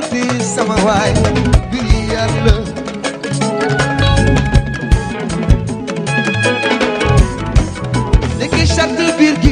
This sama waay bi yàlla léegi charte